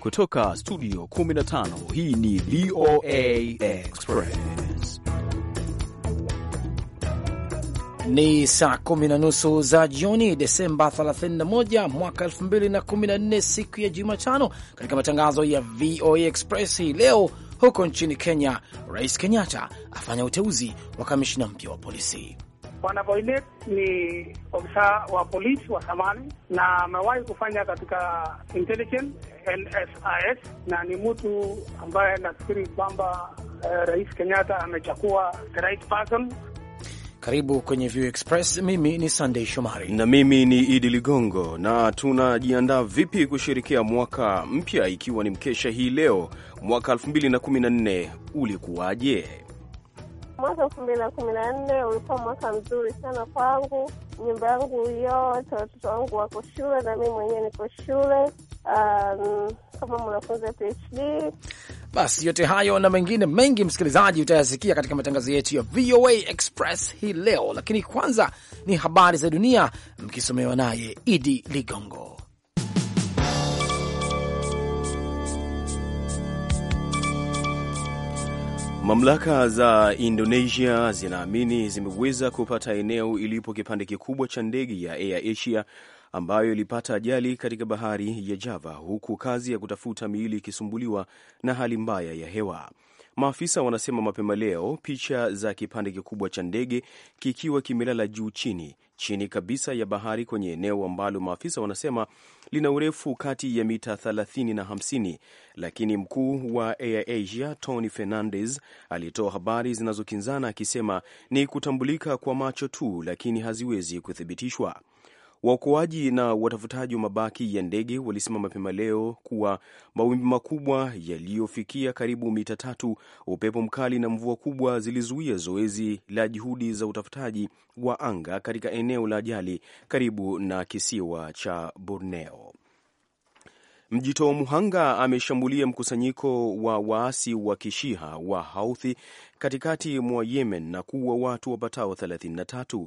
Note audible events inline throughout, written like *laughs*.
Kutoka studio 15 hii ni VOA Express. Ni saa kumi na nusu za jioni, Desemba 31 mwaka 2014, siku ya Jumatano. Katika matangazo ya VOA Express hii leo, huko nchini Kenya, Rais Kenyatta afanya uteuzi wa kamishina mpya wa polisi. Bwana Boynet ni ofisa wa polisi wa zamani na amewahi kufanya katika intelligence NSIS, na ni mtu ambaye nafikiri kwamba eh, Rais Kenyatta amechagua the right person. Karibu kwenye View Express. Mimi ni Sandey Shomari na mimi ni Idi Ligongo. Na tunajiandaa vipi kushirikia mwaka mpya, ikiwa ni mkesha hii leo? Mwaka 2014 ulikuwaje? Mwaka elfu mbili na kumi na nne ulikuwa mwaka mzuri sana kwangu. Nyumba yangu yote, watoto wangu wako shule na mi mwenyewe niko shule um, kama mwanafunzi PhD. Basi yote hayo na mengine mengi, msikilizaji, utayasikia katika matangazo yetu ya VOA Express hii leo, lakini kwanza ni habari za dunia mkisomewa naye Idi Ligongo. Mamlaka za Indonesia zinaamini zimeweza kupata eneo ilipo kipande kikubwa cha ndege ya Air Asia ambayo ilipata ajali katika bahari ya Java, huku kazi ya kutafuta miili ikisumbuliwa na hali mbaya ya hewa. Maafisa wanasema mapema leo picha za kipande kikubwa cha ndege kikiwa kimelala juu chini chini kabisa ya bahari kwenye eneo ambalo maafisa wanasema lina urefu kati ya mita 30 na 50, lakini mkuu wa Air Asia Tony Fernandez alitoa habari zinazokinzana akisema ni kutambulika kwa macho tu, lakini haziwezi kuthibitishwa. Waokoaji na watafutaji wa mabaki ya ndege walisema mapema leo kuwa mawimbi makubwa yaliyofikia karibu mita tatu, upepo mkali na mvua kubwa zilizuia zoezi la juhudi za utafutaji wa anga katika eneo la ajali karibu na kisiwa cha Borneo. mjito muhanga ameshambulia mkusanyiko wa waasi wa kishiha wa Houthi katikati mwa Yemen na kuua watu wapatao 33.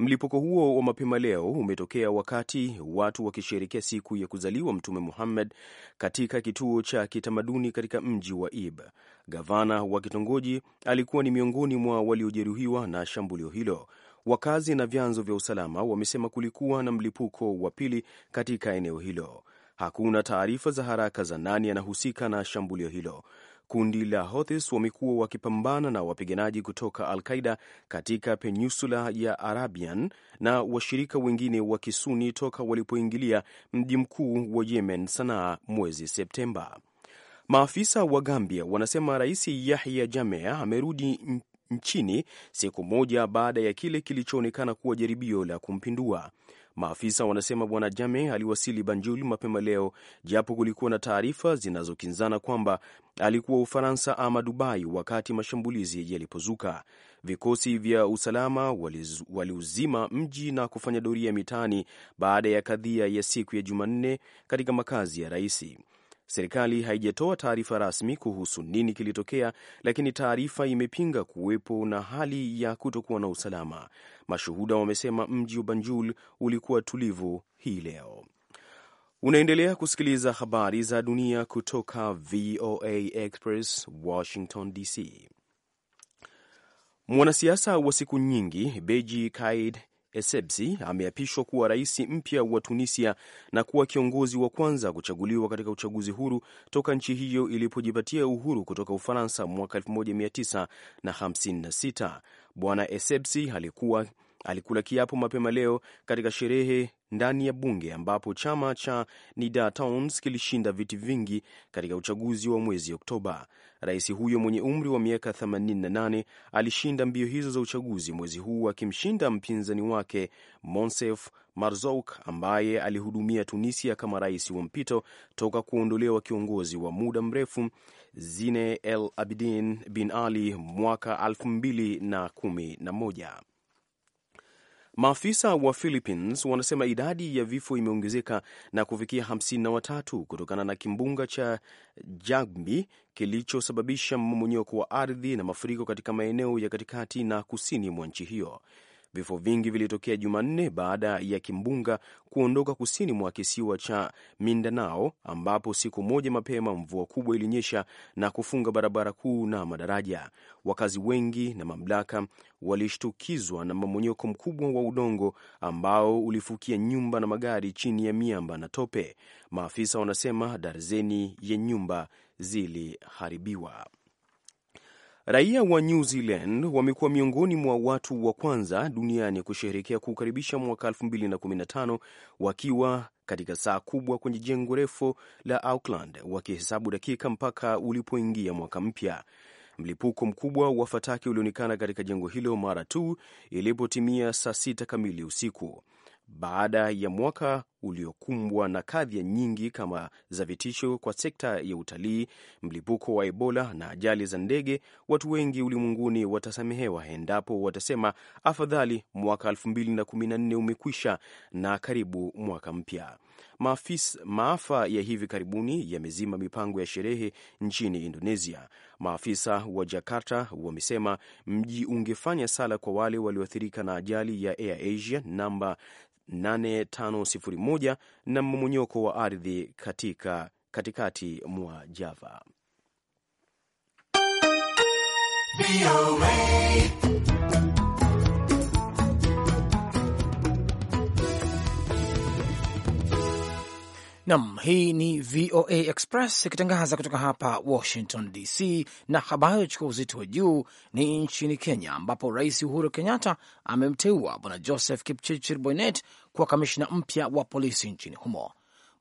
Mlipuko huo wa mapema leo umetokea wakati watu wakisherekea siku ya kuzaliwa Mtume Muhammad katika kituo cha kitamaduni katika mji wa Ib. Gavana wa kitongoji alikuwa ni miongoni mwa waliojeruhiwa na shambulio hilo. Wakazi na vyanzo vya usalama wamesema kulikuwa na mlipuko wa pili katika eneo hilo. Hakuna taarifa za haraka za nani anahusika na shambulio hilo. Kundi la Houthis wamekuwa wakipambana na wapiganaji kutoka Al Qaida katika peninsula ya Arabian na washirika wengine wa Kisuni toka walipoingilia mji mkuu wa Yemen, Sanaa, mwezi Septemba. Maafisa wa Gambia wanasema Rais Yahya Jammeh amerudi nchini siku moja baada ya kile kilichoonekana kuwa jaribio la kumpindua. Maafisa wanasema Bwana Jame aliwasili Banjul mapema leo, japo kulikuwa na taarifa zinazokinzana kwamba alikuwa Ufaransa ama Dubai wakati mashambulizi yalipozuka. Vikosi vya usalama waliuzima mji na kufanya doria mitaani baada ya kadhia ya siku ya Jumanne katika makazi ya raisi. Serikali haijatoa taarifa rasmi kuhusu nini kilitokea, lakini taarifa imepinga kuwepo na hali ya kutokuwa na usalama. Mashuhuda wamesema mji wa Banjul ulikuwa tulivu hii leo. Unaendelea kusikiliza habari za dunia kutoka VOA Express, Washington DC. Mwanasiasa wa siku nyingi Beji Caid Essebsi ameapishwa kuwa rais mpya wa Tunisia na kuwa kiongozi wa kwanza kuchaguliwa katika uchaguzi huru toka nchi hiyo ilipojipatia uhuru kutoka Ufaransa mwaka 1956. Bwana Essebsi alikuwa alikula kiapo mapema leo katika sherehe ndani ya bunge ambapo chama cha Nida Towns kilishinda viti vingi katika uchaguzi wa mwezi Oktoba. Rais huyo mwenye umri wa miaka 88 alishinda mbio hizo za uchaguzi mwezi huu akimshinda mpinzani wake Monsef Marzouk ambaye alihudumia Tunisia kama rais wa mpito toka kuondolewa kiongozi wa muda mrefu Zine El Abidin Bin Ali mwaka 2011. Maafisa wa Philippines wanasema idadi ya vifo imeongezeka na kufikia 53 kutokana na kimbunga cha Jagmi kilichosababisha mmomonyoko wa ardhi na mafuriko katika maeneo ya katikati na kusini mwa nchi hiyo. Vifo vingi vilitokea Jumanne baada ya kimbunga kuondoka kusini mwa kisiwa cha Mindanao, ambapo siku moja mapema mvua kubwa ilinyesha na kufunga barabara kuu na madaraja. Wakazi wengi na mamlaka walishtukizwa na mmomonyoko mkubwa wa udongo ambao ulifukia nyumba na magari chini ya miamba na tope. Maafisa wanasema darzeni ya nyumba ziliharibiwa. Raia wa New Zealand wamekuwa miongoni mwa watu wa kwanza duniani kusherehekea kuukaribisha mwaka 2015 wakiwa katika saa kubwa kwenye jengo refu la Auckland, wakihesabu dakika mpaka ulipoingia mwaka mpya. Mlipuko mkubwa wa fataki ulionekana katika jengo hilo mara tu ilipotimia saa sita kamili usiku baada ya mwaka uliokumbwa na kadhia nyingi kama za vitisho kwa sekta ya utalii, mlipuko wa Ebola na ajali za ndege, watu wengi ulimwenguni watasamehewa endapo watasema afadhali mwaka 2014 umekwisha na karibu mwaka mpya. Maafa ya hivi karibuni yamezima mipango ya sherehe nchini Indonesia. Maafisa wa Jakarta wamesema mji ungefanya sala kwa wale walioathirika na ajali ya Air Asia namba 8501 na mmomonyoko wa ardhi katika katikati mwa Java. Nam, hii ni VOA Express ikitangaza kutoka hapa Washington DC, na habari chukua uzito wa juu ni nchini Kenya, ambapo Rais Uhuru Kenyatta amemteua Bwana Joseph Kipchirchir Boynet kuwa kamishna mpya wa polisi nchini humo.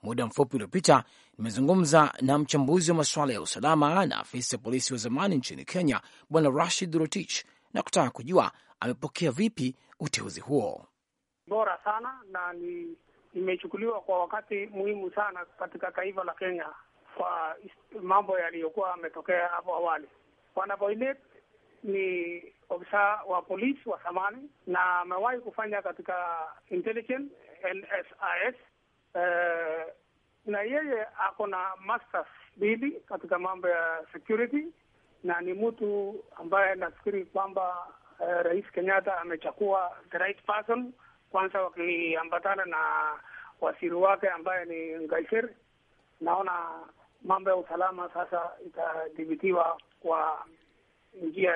Muda mfupi uliopita nimezungumza na mchambuzi wa masuala ya usalama na afisa polisi wa zamani nchini Kenya, Bwana Rashid Rotich, na kutaka kujua amepokea vipi uteuzi huo. Bora sana na ni imechukuliwa kwa wakati muhimu sana katika taifa la Kenya kwa mambo yaliyokuwa ametokea hapo awali. Bwana Boinet ni ofisa wa polisi wa zamani na amewahi kufanya katika intelligence NSIS, eh, na yeye ako na masters mbili katika mambo ya security na ni mtu ambaye nafikiri kwamba eh, Rais Kenyatta amechagua the right person, kwanza wakiambatana na waziri wake ambaye ni Ngaiser, naona mambo ya usalama sasa itadhibitiwa kwa njia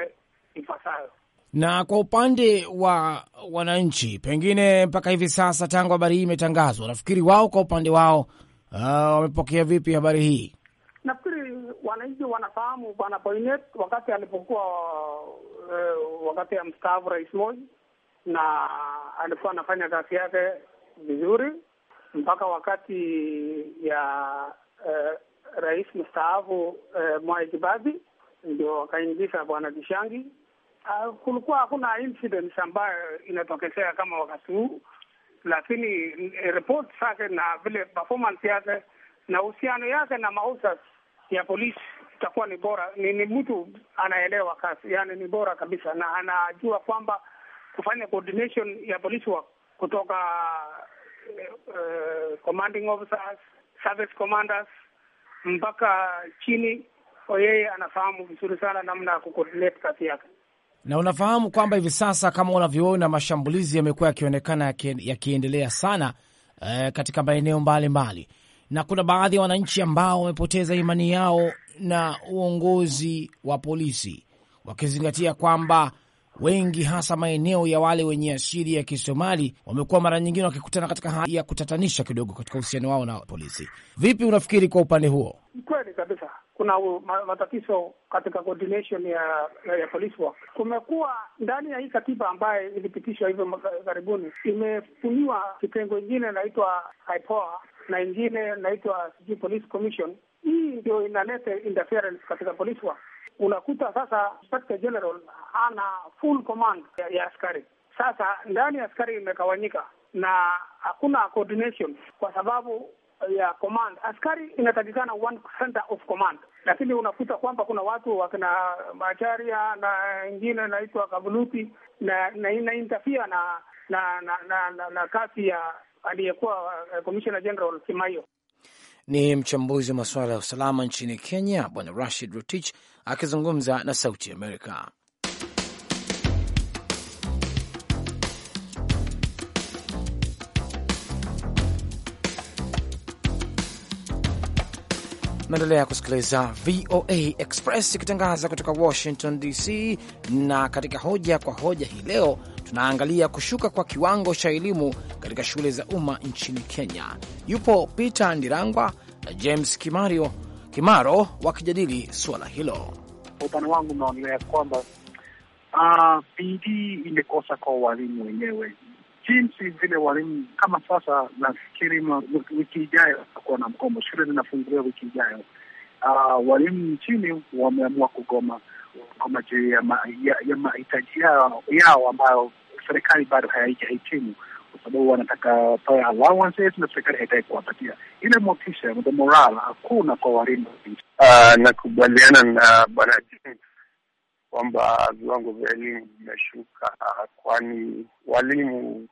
ifasayo. Na kwa upande wa wananchi, pengine mpaka hivi sasa, tangu habari hii imetangazwa, nafikiri wao kwa upande wao uh, wamepokea vipi habari hii? Nafikiri wananchi wanafahamu Bwana Boynet wakati alipokuwa uh, wakati ya mstaafu Rais Moi, na alikuwa anafanya kazi yake vizuri mpaka wakati ya eh, rais mstaafu eh, Mwai Kibaki ndio wakaingiza bwana Kishangi. Uh, kulikuwa hakuna incidents ambayo inatokezea kama wakati huu, lakini eh, report zake na vile performance yake na uhusiano yake na mausa ya polisi itakuwa ni bora. Ni, ni mtu anaelewa kazi, yani ni bora kabisa, na anajua kwamba kufanya coordination ya polisi wa kutoka Uh, commanding officers, service commanders mpaka chini, kwa yeye anafahamu vizuri sana namna ya kucoordinate kazi yake na unafahamu kwamba hivi sasa kama unavyoona mashambulizi yamekuwa yakionekana yakiendelea sana eh, katika maeneo mbalimbali, na kuna baadhi ya wananchi ambao wamepoteza imani yao na uongozi wa polisi, wakizingatia kwamba wengi hasa maeneo ya wale wenye asili ya Kisomali wamekuwa mara nyingine wakikutana katika hali ya kutatanisha kidogo katika uhusiano wao na polisi. Vipi unafikiri kwa upande huo? Kweli kabisa kuna matatizo katika coordination ya ya police work. Kumekuwa ndani ya hii katiba ambayo ilipitishwa hivyo karibuni, imefuniwa kitengo ingine inaitwa IPOA na ingine inaitwa sijui police commission. Hii ndio inaleta interference katika police work unakuta sasa Inspector General hana full command ya, ya askari. Sasa ndani ya askari imegawanyika na hakuna coordination kwa sababu ya command. Askari inatakikana one center of command, lakini unakuta kwamba kuna watu wakina Macharia na ingine naitwa Kavuluti na na interfere na na, na, na, na, na kazi ya aliyekuwa uh, Commissioner General Kimaio. Ni mchambuzi wa masuala ya usalama nchini Kenya, Bwana Rashid Rutich akizungumza na Sauti Amerika. Naendelea kusikiliza VOA Express ikitangaza kutoka Washington DC. Na katika hoja kwa hoja hii leo tunaangalia kushuka kwa kiwango cha elimu katika shule za umma nchini Kenya. Yupo Peter Ndirangwa na James Kimario Kimaro wakijadili suala hilo. Kwa upande wangu, naonelea kwamba ah, bidii imekosa kwa walimu wenyewe, jinsi vile walimu kama sasa. Nafikiri wiki ijayo watakuwa na mgomo, shule zinafunguliwa wiki ijayo. Uh, walimu nchini wameamua kugoma goma juu ya mahitaji yao ambayo serikali bado haijahitimu kwa sababu wanataka pawe allowances na serikali haitaki kuwapatia ile motisha, the morale hakuna kwa walinda. Uh, nakubaliana na bwana kwamba viwango vya elimu vimeshuka, kwani walimu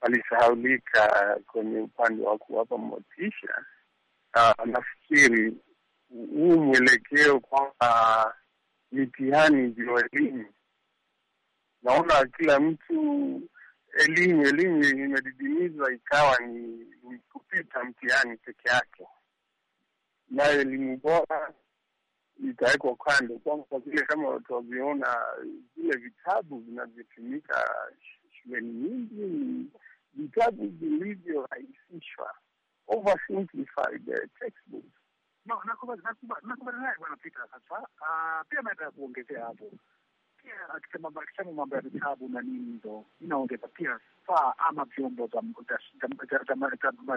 walisahaulika kwenye upande wa kuwapa motisha. Uh, nafikiri huu mwelekeo kwamba mitihani ndio elimu, naona kila mtu elimu elimu imedidimizwa ikawa ni, ni kupita mtihani peke yake, nayo elimu bora itawekwa kando. Kwa vile kama tunavyoona vile vitabu vinavyotumika shuleni nyingi ni vitabu vilivyorahisishwa, oversimplified uh, textbooks. Nakubaliana naye Bwana Pita. Sasa ah, pia ya kuongezea hapo pia akisema mambo ya vitabu na nini ndo inaongeza pia saa ama vyombo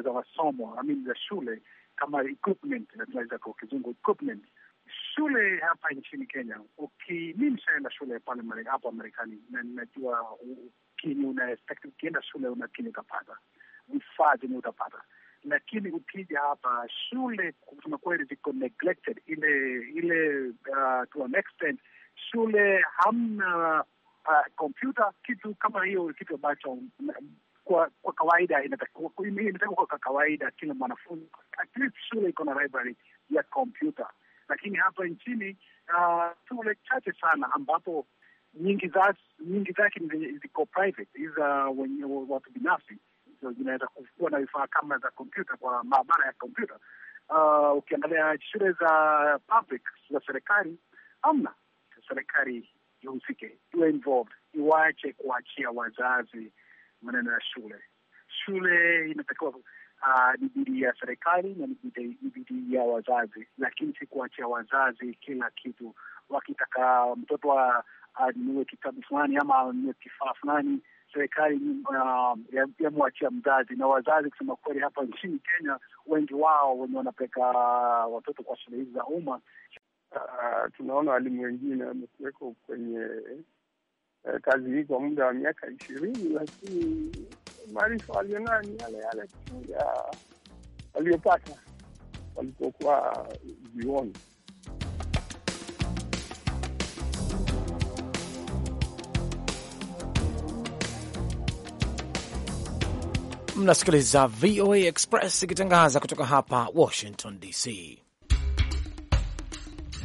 za masomo amin za shule kama equipment tunaweza kwa kizungu equipment shule hapa nchini Kenya. Uki mi nishaenda shule pale hapa Marekani na ninajua ukini una ukienda shule una kini utapata vifaa zenye utapata, lakini ukija hapa shule tumekuwa ziko neglected ile ile uh, to an extent shule, hamna kompyuta uh, kitu kama hiyo, kitu ambacho um, kwa kwa kawaida inatakiwa kwa kawaida kila mwanafunzi at least shule iko na library ya kompyuta, lakini hapa nchini shule uh, chache sana ambapo nyingi zake nyingi zake ziko private, uh, watu binafsi zinaweza kuwa na vifaa kama za kompyuta kwa maabara ya kompyuta. Uh, ukiangalia shule za public za serikali hamna serikali ihusike, iwe involved, iwache kuachia wazazi maneno ya shule. Shule inatakiwa Uh, ni bidii ya serikali na ni bidii ya wazazi, lakini si kuachia wazazi kila kitu. Wakitaka mtoto anunue ah, kitabu fulani ama anunue kifaa fulani, serikali uh, ah, yamwachia mzazi. Na wazazi kusema kweli, hapa nchini Kenya wengi wao wenye wanapeleka watoto kwa shule hizi za umma uh, tunaona walimu wengine wamekuweko kwenye uh, kazi hii kwa muda wa miaka ishirini, lakini maarifa walionayo ni yale yale tu ya waliopata walipokuwa vioni. Mnasikiliza VOA Express ikitangaza kutoka hapa Washington DC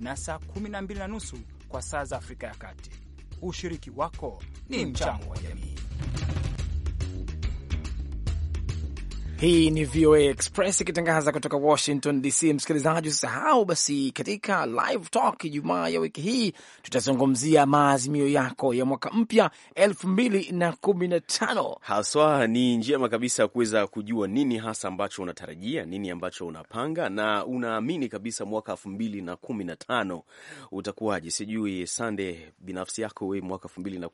na saa 12 na nusu kwa saa za Afrika ya Kati. Ushiriki wako ni mchango wa jamii. Hii ni VOA Express ikitangaza kutoka Washington DC. Msikilizaji, usisahau basi, katika live talk Ijumaa ya wiki hii tutazungumzia maazimio yako ya mwaka mpya elfu Haswa ni njema kabisa ya kuweza kujua nini hasa ambacho unatarajia, nini ambacho unapanga na unaamini kabisa mwaka elfu utakuwaje. Sijui Sande, binafsi yako we mwaka elfu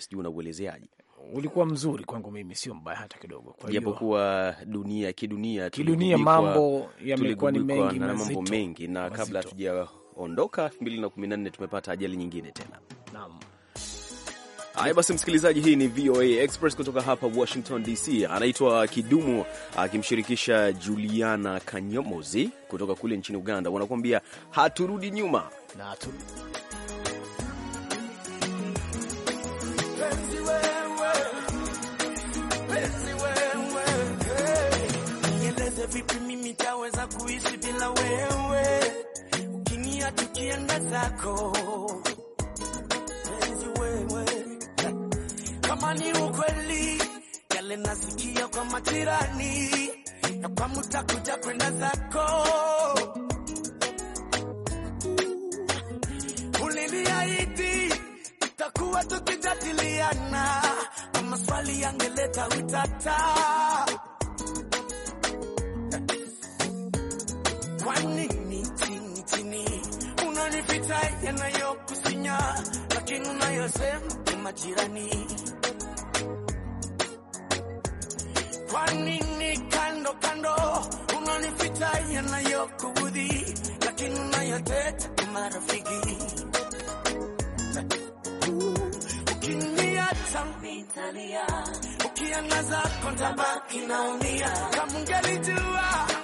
sijui unauelezeaje? ulikuwa mzuri kwangu mimi, sio mbaya hata kidogo, japokuwa dunia kidunia kidunia mambo yamekuwa ni mengi na mambo mengi, na kabla hatujaondoka 2014 tumepata ajali nyingine tena. Naam. Haya basi, msikilizaji, hii ni VOA Express kutoka hapa Washington DC. Anaitwa Kidumu akimshirikisha Juliana Kanyomozi kutoka kule nchini Uganda, wanakuambia haturudi nyuma na haturudi vipi mimi taweza kuishi bila wewe? ukinia tukienda zako penzi wewe, kama ni ukweli yale nasikia kwa majirani kwa kwamba kuja kwenda zako, uliniahidi tutakuwa tukijadiliana, kwa maswali yangeleta utata kwani ni chini unanipita yanayokusinya, lakini unayosema majirani. Kwani kando kando, unanipita yanayokubudhi, lakini unayoteta marafiki. Ukiniacha ukiangaza kontabaki naumia, kama ungelijua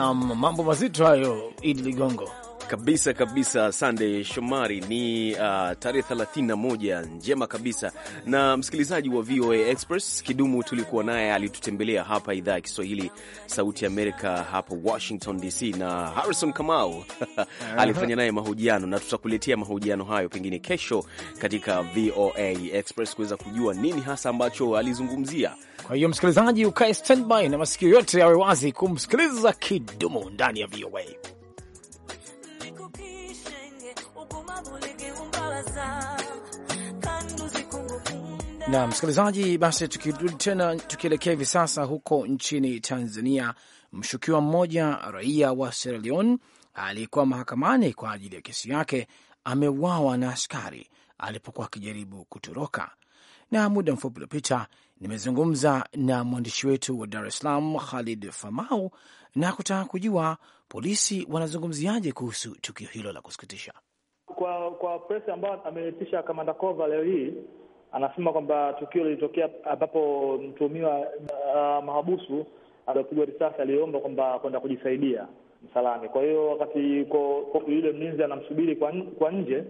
na mambo mazito hayo, Idi Ligongo kabisa kabisa. Sande Shomari, ni uh, tarehe 31 njema kabisa. Na msikilizaji wa VOA Express, Kidumu tulikuwa naye alitutembelea hapa idhaa ya Kiswahili Sauti Amerika hapa Washington DC, na Harrison Kamau *laughs* alifanya naye mahojiano, na tutakuletea mahojiano hayo pengine kesho katika VOA Express kuweza kujua nini hasa ambacho alizungumzia. Kwa hiyo msikilizaji, ukae standby na masikio yote yawe wazi kumsikiliza Kidumu ndani ya VOA. na msikilizaji, basi tukirudi tena, tukielekea hivi sasa huko nchini Tanzania, mshukiwa mmoja raia wa Sierra Leone aliyekuwa mahakamani kwa ajili ya kesi yake ameuawa na askari alipokuwa akijaribu kutoroka. Na muda mfupi uliopita nimezungumza na mwandishi wetu wa Dar es Salaam Khalid Famau na kutaka kujua polisi wanazungumziaje kuhusu tukio hilo la kusikitisha press ambayo ameitisha kamanda Kova leo hii anasema kwamba tukio lilitokea ambapo mtuhumiwa uh, mahabusu aliyopigwa risasi aliomba kwamba kwenda kujisaidia msalani. Kwa hiyo wakati ko, ko, yule mlinzi anamsubiri kwa, kwa nje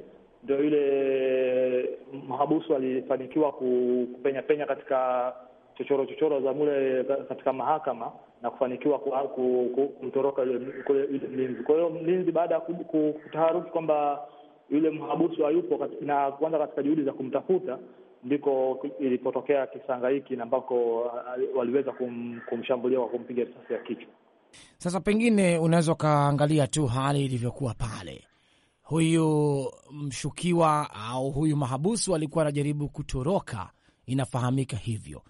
ndio yule mahabusu alifanikiwa kupenya penya katika chochoro chochoro za mule katika mahakama na kufanikiwa kumtoroka yule mlinzi. Kwa hiyo mlinzi baada ya kutaharuki kwamba yule mhabusu hayupo na kuanza katika juhudi za kumtafuta, ndiko ilipotokea kisanga hiki na ambako uh, waliweza kum, kumshambulia kwa kumpiga risasi ya kichwa. Sasa pengine unaweza ukaangalia tu hali ilivyokuwa pale. Huyu mshukiwa au huyu mahabusu alikuwa anajaribu kutoroka, inafahamika hivyo,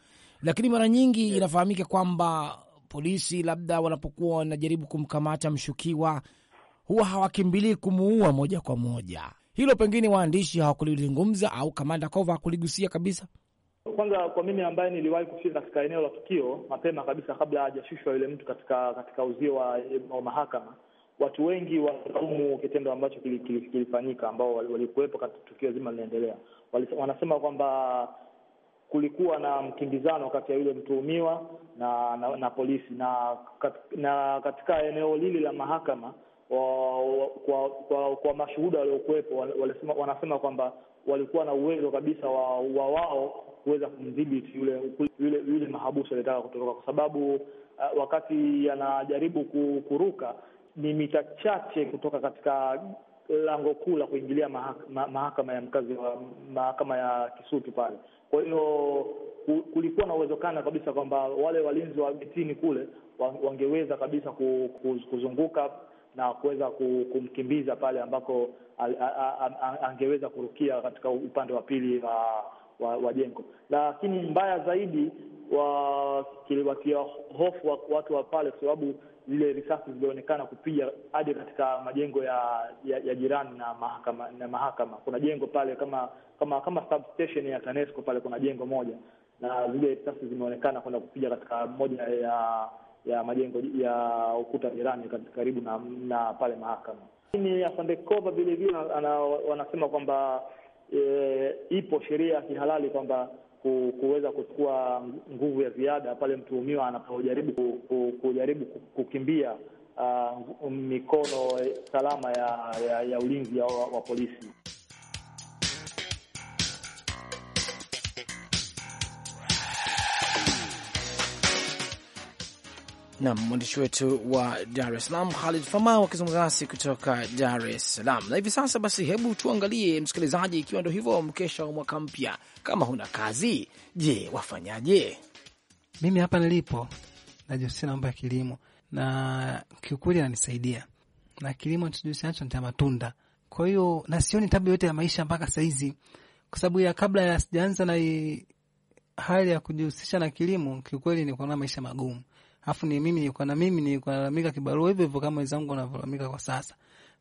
lakini mara nyingi inafahamika kwamba polisi labda wanapokuwa wanajaribu kumkamata mshukiwa huwa hawakimbilii kumuua moja kwa moja. Hilo pengine waandishi hawakulizungumza au kamanda Kova hakuligusia kabisa. Kwanza kwa mimi ambaye niliwahi kufika katika eneo la tukio mapema kabisa, kabla hajashushwa yule mtu katika katika uzio wa, wa mahakama, watu wengi walaumu kitendo ambacho kilifanyika, ambao walikuwepo katika tukio zima linaendelea, wanasema kwamba kulikuwa na mkimbizano kati ya yule mtuhumiwa na, na, na polisi na, kat, na katika eneo lile la mahakama kwa kwa, kwa mashuhuda waliokuwepo wanasema kwamba walikuwa na uwezo kabisa wa, wa wao kuweza kumdhibiti yule yule yule mahabusu aliyetaka kutoroka, kwa sababu uh, wakati anajaribu kuruka ni mita chache kutoka katika lango kuu la kuingilia mahakama, mahakama ya mkazi wa mahakama ya Kisutu pale. Kwa hiyo kulikuwa na uwezekano kabisa kwamba wale walinzi wa mitini kule wangeweza kabisa kuzunguka na kuweza kumkimbiza pale ambako angeweza kurukia katika upande wa pili wa, wa, wa jengo. Lakini mbaya zaidi wakiwatia hofu watu wa pale, kwa sababu zile risasi zilionekana kupiga hadi katika majengo ya, ya, ya jirani na mahakama na mahakama. Kuna jengo pale kama kama kama substation ya TANESCO pale kuna jengo moja, na zile risasi zimeonekana kwenda kupiga katika moja ya ya majengo ya ukuta jirani karibu na, na pale mahakama. Lakini afande Kova vile vile wanasema kwamba e, ipo sheria ya kihalali kwamba kuweza kuchukua nguvu ya ziada pale mtuhumiwa anapojaribu ku, ku, kujaribu kukimbia uh, mikono salama ya, ya, ya ulinzi ya, wa, wa polisi. na mwandishi wetu wa Dar es Salaam Khalid Fama wakizungumza nasi kutoka Dar es Salaam. Na hivi sasa basi, hebu tuangalie msikilizaji, ikiwa ndo hivyo mkesha wa mwaka mpya, kama huna kazi, je, wafanyaje? Mimi hapa nilipo najihusisha na mambo ya kilimo na kiukweli ananisaidia na kilimo tujihusisha nacho ni matunda. Kwa hiyo na sioni tabu yote ya maisha mpaka sahizi, kwa sababu ya kabla ya sijaanza na hali ya kujihusisha na kilimo, kiukweli nilikuwa na maisha magumu afu ni mimi nilikuwa na mimi nilikuwa nalalamika kibarua hivyo hivyo kama wenzangu wanavyolalamika kwa sasa,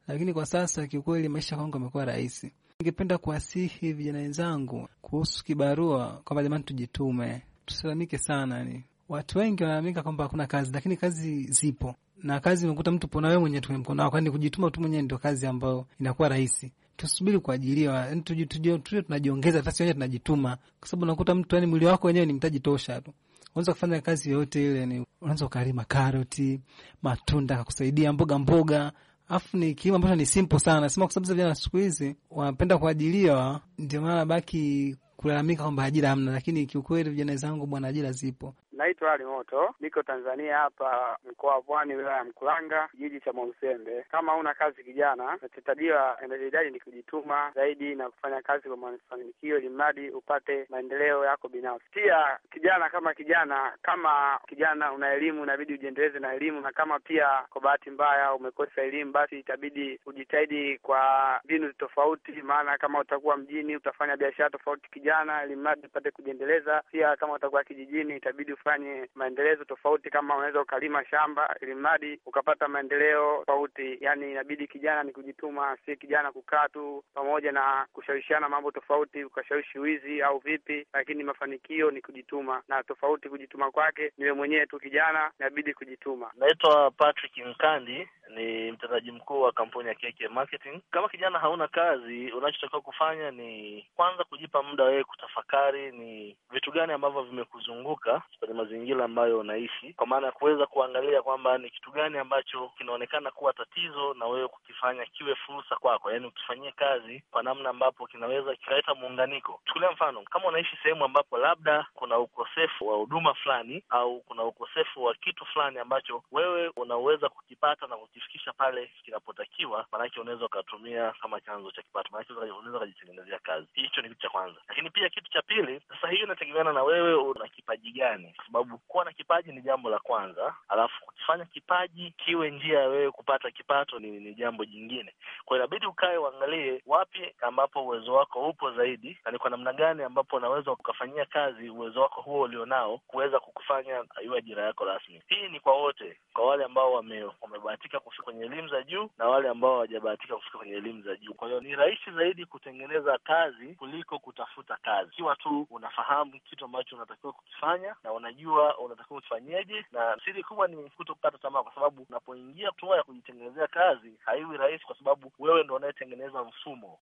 lakini kwa sasa kiukweli maisha kwangu yamekuwa rahisi. Ningependa kuwasihi vijana wenzangu kuhusu kibarua kwamba jamani, tujitume, tusilalamike sana. Ni watu wengi wanalalamika kwamba hakuna kazi, lakini kazi zipo na kazi imekuta mtu pona wewe mwenyewe tumemkono mkono wako, yani kujituma tu mwenyewe ndio kazi ambayo inakuwa rahisi. Tusubiri kuajiriwa, yani tujitujio tunajiongeza, hata sio tunajituma, kwa sababu unakuta mtu yani mwili wako wenyewe ni mtaji tosha tu unaweza kufanya kazi yoyote ile, ni unaweza ukalima karoti, matunda kakusaidia, mboga mboga Alafu ni kilimo ambacho ni simple sana, sema kwa sababu vijana siku hizi wanapenda kuajiliwa, ndio maana baki kulalamika kwamba ajira hamna, lakini kiukweli vijana zangu bwana, ajira zipo. Naitwa Ali Moto, niko Tanzania hapa mkoa wa Pwani, wilaya ya Mkuranga, kijiji cha Mwausembe. Kama una kazi kijana, nachotarajiwa nachohitaji ni kujituma zaidi na kufanya kazi kwa mafanikio, ili mradi upate maendeleo yako binafsi. Pia kijana kama kijana, kama kijana una elimu, inabidi ujiendeleze na elimu, na kama pia kwa bahati mbaya umekosa elimu, basi itabidi ujitahidi kwa mbinu tofauti, maana kama utakuwa mjini utafanya biashara tofauti kijana, ili mradi upate kujiendeleza. Pia kama utakuwa kijijini itabidi ufanye maendelezo tofauti, kama unaweza ukalima shamba ili mradi ukapata maendeleo tofauti. Yani inabidi kijana ni kujituma, si kijana kukaa tu pamoja na kushawishana mambo tofauti, ukashawishi wizi au vipi, lakini mafanikio ni kujituma na tofauti. Kujituma kwake niwe mwenyewe tu kijana, inabidi kujituma. Naitwa Patrick Mkandi, ni mtendaji mkuu wa kampuni ya KK Marketing. Kama kijana hauna kazi, unachotakiwa kufanya ni kwanza kujipa muda wewe kutafakari ni vitu gani ambavyo vimekuzunguka kwenye mazingira ambayo unaishi, kwa maana ya kuweza kuangalia kwamba ni kitu gani ambacho kinaonekana kuwa tatizo na wewe kukifanya kiwe fursa kwako, yaani ukifanyie kazi kwa namna ambapo kinaweza kikaleta muunganiko. Chukulia mfano, kama unaishi sehemu ambapo labda kuna ukosefu wa huduma fulani au kuna ukosefu wa kitu fulani ambacho wewe unaweza kukipata na kukifikisha pale kinapotakiwa, maanake unaweza ukatumia kama chanzo cha kipato, maanake unaweza ukajitengenezea kazi. Hicho ni kitu cha kwanza, lakini pia kitu cha pili, sasa hiyo inategemeana na wewe una kipaji gani kwa sababu kuwa na kipaji ni jambo la kwanza, alafu kukifanya kipaji kiwe njia ya wewe kupata kipato ni, ni jambo jingine. Kwa hiyo inabidi ukae uangalie wapi ambapo uwezo wako upo zaidi na ni kwa namna gani ambapo unaweza ukafanyia kazi uwezo wako huo ulionao kuweza kukufanya iwe ajira yako rasmi. Hii ni kwa wote, kwa wale ambao wame, wamebahatika kufika kwenye elimu za juu na wale ambao hawajabahatika kufika kwenye elimu za juu. Kwa hiyo ni rahisi zaidi kutengeneza kazi kuliko kutafuta kazi, ikiwa tu unafahamu kitu ambacho unatakiwa kukifanya na una unajua unatakiwa ufanyeje, na siri kubwa ni kutokata tamaa, kwa sababu unapoingia hatua ya kujitengenezea kazi haiwi rahisi, kwa sababu wewe ndo unayetengeneza mfumo.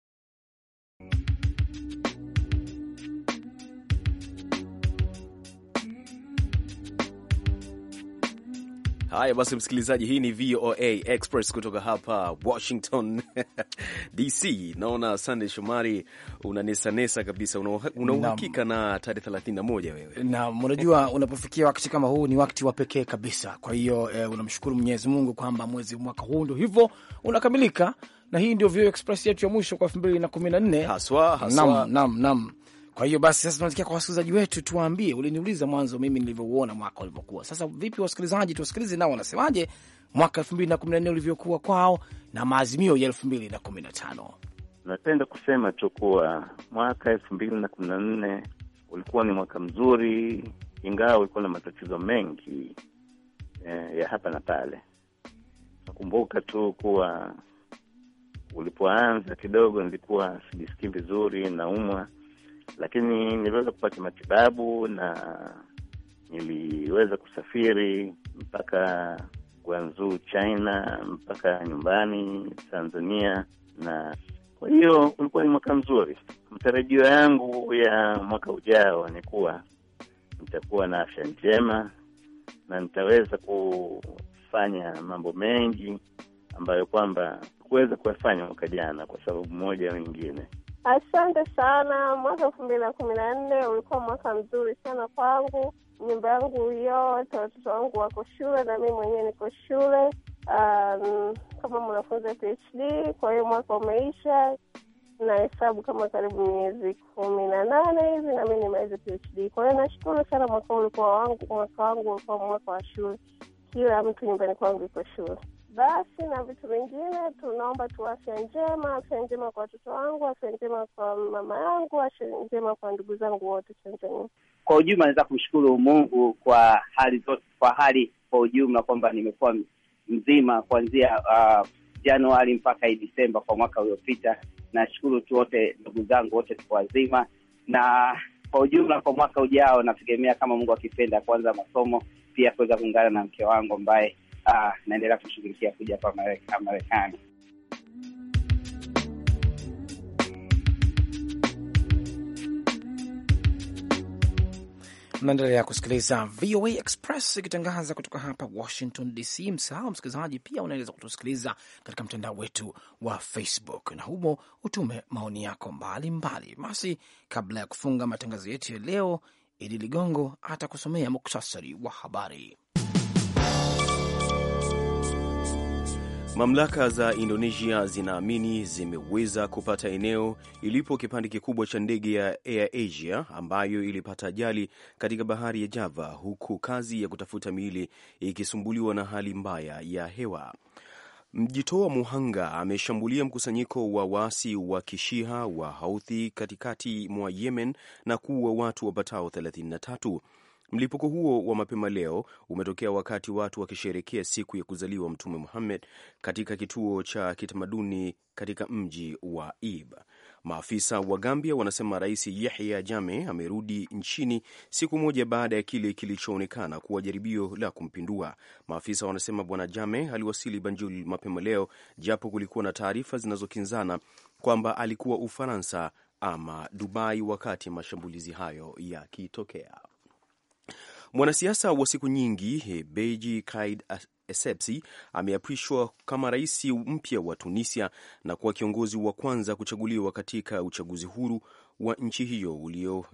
Haya basi, msikilizaji, hii ni VOA Express kutoka hapa Washington *laughs* DC. Naona Sande Shomari unanesanesa kabisa, una na tarehe 31 wewe? nam unajua *laughs* unapofikia wakati kama huu ni wakati wa pekee kabisa. Kwa hiyo eh, unamshukuru Mwenyezi Mungu kwamba mwezi mwaka huu ndio hivyo unakamilika, na hii ndio VOA Express yetu ya mwisho kwa 2014 haswa haswa. Naam, nam, nam. Kwa hiyo basi sasa tunaelekea kwa wasikilizaji wetu, tuwaambie. Uliniuliza mwanzo mimi nilivyouona mwaka ulivyokuwa. Sasa vipi wasikilizaji, tuwasikilize nao wanasemaje mwaka elfu mbili na kumi na nne ulivyokuwa kwao na maazimio ya elfu mbili na kumi na tano. Napenda kusema tu kuwa mwaka elfu mbili na kumi na nne ulikuwa ni mwaka mzuri, ingawa ulikuwa na matatizo mengi eh, ya hapa na pale. Nakumbuka tu kuwa ulipoanza kidogo nilikuwa sijisikii vizuri, naumwa lakini niliweza kupata matibabu na niliweza kusafiri mpaka Guangzhou, China, mpaka nyumbani Tanzania. Na kwa hiyo ulikuwa ni mwaka mzuri. Matarajio yangu ya mwaka ujao ni kuwa nitakuwa na afya njema na nitaweza kufanya mambo mengi ambayo kwamba kuweza kuyafanya mwaka jana kwa sababu moja au nyingine. Asante sana. Mwaka elfu mbili na kumi na nne ulikuwa mwaka mzuri sana kwangu. Nyumba yangu yote, watoto wangu wako shule na mi mwenyewe niko shule um, kama mwanafunzi wa PhD. Kwa hiyo mwaka umeisha, na hesabu kama karibu miezi kumi na nane hivi na mi nimaliza PhD. Kwa hiyo nashukuru sana, mwaka ulikuwa wangu, mwaka wangu ulikuwa mwaka wa shule. Kila mtu nyumbani kwangu iko shule basi na vitu vingine. Tunaomba tu afya njema, afya njema kwa watoto wangu, afya njema kwa mama yangu, afya njema kwa ndugu zangu wote Tanzania. Kwa ujumla, naweza kumshukuru Mungu kwa hali zote, kwa hali kwa ujumla kwamba nimekuwa mzima kuanzia uh, Januari mpaka hii Disemba kwa mwaka uliopita. Nashukuru tu wote ndugu zangu wote tuko wazima, na kwa ujumla kwa mwaka ujao nategemea kama Mungu akipenda, kwanza masomo, pia kuweza kuungana na mke wangu ambaye uh, naendelea kushughulikia kuja hapa Marekani. naendelea kusikiliza VOA Express ikitangaza kutoka hapa Washington DC. Msahau msikilizaji, pia unaweza kutusikiliza katika mtandao wetu wa Facebook na humo utume maoni yako mbalimbali. Basi kabla ya kufunga matangazo yetu ya leo, Idi Ligongo atakusomea muktasari wa habari. Mamlaka za Indonesia zinaamini zimeweza kupata eneo ilipo kipande kikubwa cha ndege ya Air Asia ambayo ilipata ajali katika bahari ya Java, huku kazi ya kutafuta miili ikisumbuliwa na hali mbaya ya hewa. Mjitoa muhanga ameshambulia mkusanyiko wa waasi wa kishiha wa Houthi katikati mwa Yemen na kuua watu wapatao Mlipuko huo wa mapema leo umetokea wakati watu wakisherekea siku ya kuzaliwa Mtume Muhammad katika kituo cha kitamaduni katika mji wa Ib. Maafisa wa Gambia wanasema Rais Yahya Jammeh amerudi nchini siku moja baada ya kile kilichoonekana kuwa jaribio la kumpindua. Maafisa wanasema Bwana Jammeh aliwasili Banjul mapema leo, japo kulikuwa na taarifa zinazokinzana kwamba alikuwa Ufaransa ama Dubai wakati mashambulizi hayo yakitokea. Mwanasiasa wa siku nyingi eh, Beji kaid Essebsi ameapishwa kama rais mpya wa Tunisia na kuwa kiongozi wa kwanza kuchaguliwa katika uchaguzi huru wa nchi hiyo ulio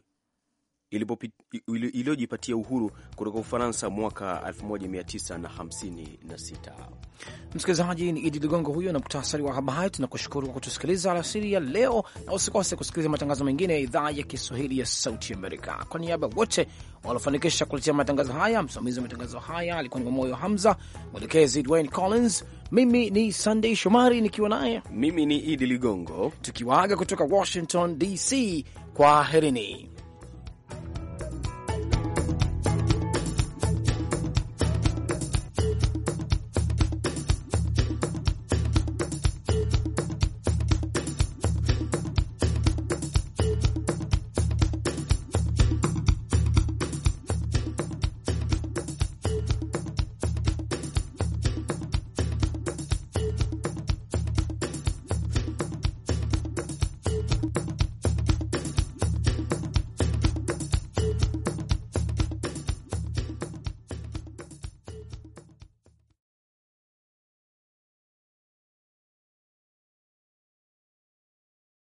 iliyojipatia uhuru kutoka Ufaransa mwaka 1956. Msikilizaji, ni Idi Ligongo huyo na muktasari wa habari. Tunakushukuru kwa kutusikiliza alasiri ya leo, na usikose kusikiliza matangazo mengine ya idhaa ya Kiswahili ya Sauti Amerika. Kwa niaba wote waliofanikisha kuletea matangazo haya, msimamizi wa matangazo haya alikuwa ni Mamoyo Hamza, mwelekezi Dwayne Collins, mimi ni sandey Shomari nikiwa naye mimi ni Idi Ligongo, tukiwaaga kutoka Washington DC. Kwaherini.